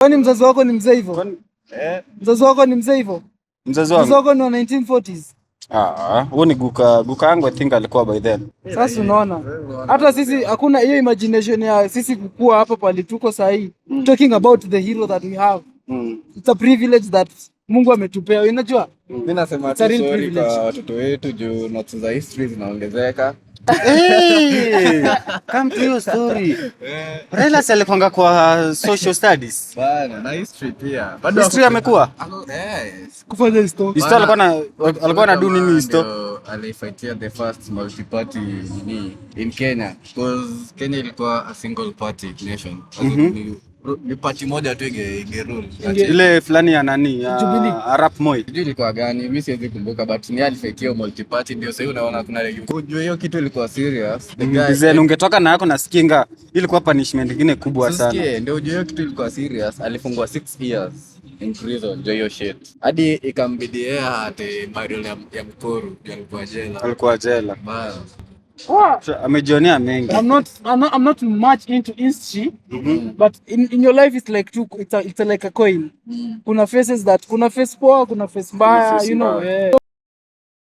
Kwani mzazi wako ni mzee hivyo? Eh. Mzazi wako ni mzee hivyo? Mzazi wangu. Mzazi wako ni wa 1940s. Ah, ah. huo ni guka guka yangu I think alikuwa by then. Sasa unaona. Hata sisi hakuna hiyo imagination ya sisi kukua hapa pale tuko sahi. Mm. Talking about the hero that we have. Mm. It's a privilege that Mungu ametupea. Unajua? Mimi hmm. nasema sorry kwa watoto wetu juu notes za history zinaongezeka. Hey, come eh. alikwanga kwa social studies. Bana, na history pia. Bado history amekuwa? Yes. Eh, Kufanya history. History alikuwa na alikuwa na do nini history? the first multi party in Kenya because Kenya ilikuwa a single party nation. Mm -hmm ni pati moja tu inge, rule ile fulani ya nani ya Arap Moi, sijui ilikuwa gani, mimi siwezi kumbuka, but ni alifekio multi party, ndio sasa unaona kuna kujua hiyo kitu ilikuwa serious the mm, guy ungetoka na yako na skinga, ilikuwa punishment nyingine kubwa sana, Sikie, ndio ujue hiyo kitu ilikuwa serious. Alifungwa 6 years in prison ndio hiyo shit, hadi ikambidi yeye ate bado ya mkuru alikuwa jela, alikuwa jela bana amejionea mengi. I'm not, I'm not, I'm not much into history, mm -hmm. but in, in your life it's like two, it's a, it's a like a coin. Kuna faces that, kuna face poa, kuna face mbaya, you know. Yeah.